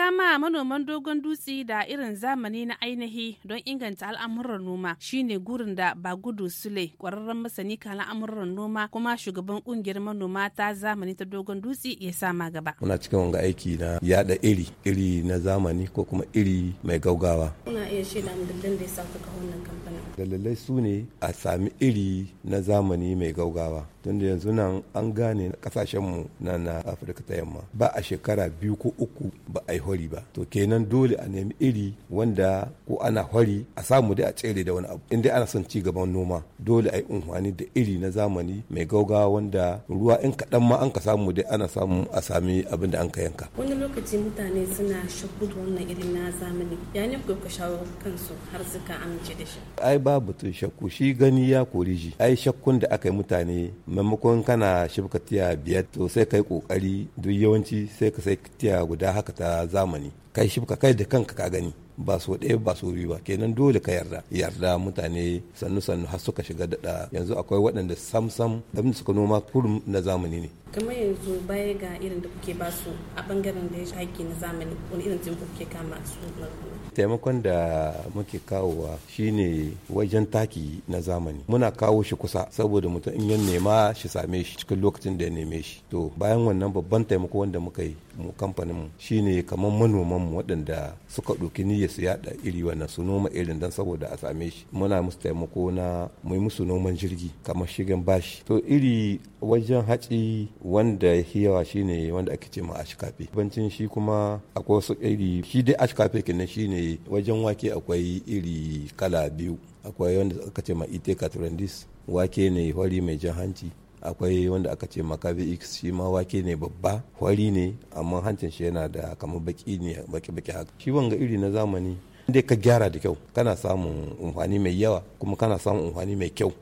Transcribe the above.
kama manoman dogon dutse da irin zamani na ainihi don inganta al'amuran noma shine gurin da ba gudu sule kwararren masani kan al'amuran noma kuma shugaban kungiyar manoma ta zamani ta dogon dutse ya sama gaba muna cikin wanga aiki na yada iri iri na zamani ko kuma iri mai gaugawa muna iya shaida dalilan da ya sa kuka wannan kamfanin dalilai su ne a sami iri na zamani mai gaugawa tunda yanzu nan an gane kasashenmu na na afirka ta yamma ba a shekara biyu ko uku ba a hori ba to kenan dole a nemi iri wanda ko ana hori a samu dai a tsere da wani abu in dai ana son ci gaban noma dole a yi unhwani da iri na zamani mai gaugawa wanda ruwa in kaɗan ma an ka samu dai ana samu a sami abin da an ka yanka wani lokaci mutane suna shakku da wannan irin na zamani ya ne ku shawo kansu har suka amince da shi ai babu tun shakku shi gani ya kori shi ai shakkun da aka yi mutane maimakon kana shibka tiya biyar to sai kai kokari duk yawanci sai ka sai tiya guda haka ta za zamani kai ka kai da kanka ka gani ba so ɗaya ba so biyu ba kenan dole ka yarda yarda mutane sannu sannu har suka shiga daɗa yanzu akwai waɗanda sam sam abinda suka noma kurum na zamani ne kamar yanzu baya ga irin da kuke ba su a bangaren da ya shaƙi na zamani wani irin tsinku kuke kama su taimakon da muke kawowa shine wajen taki na zamani muna kawo shi kusa saboda mutum in ya nema shi same shi cikin lokacin da ya neme shi to bayan wannan babban taimako wanda muka yi mu kamfanin mu shine kamar manoman mu waɗanda suka ɗauki niyyar su yada iri wannan su noma irin dan saboda a same shi muna musu taimako na mu musu noman jirgi kamar shigan bashi to iri wajen haci wanda ya yawa shine wanda ake ce ma ashkafe bancin shi kuma akwai wasu iri shi dai ashkafe kenan shine wajen wake akwai iri kala biyu akwai wanda aka ce ma ite katrandis wake ne hori mai jan hanci akwai wanda aka ce makabi x shi ma wake ne babba kwari ne amma hancin shi yana da kamar baki ne baki baki haka shi wanga iri na zamani dai ka gyara da kyau kana samun umfani mai yawa kuma kana samun amfani mai kyau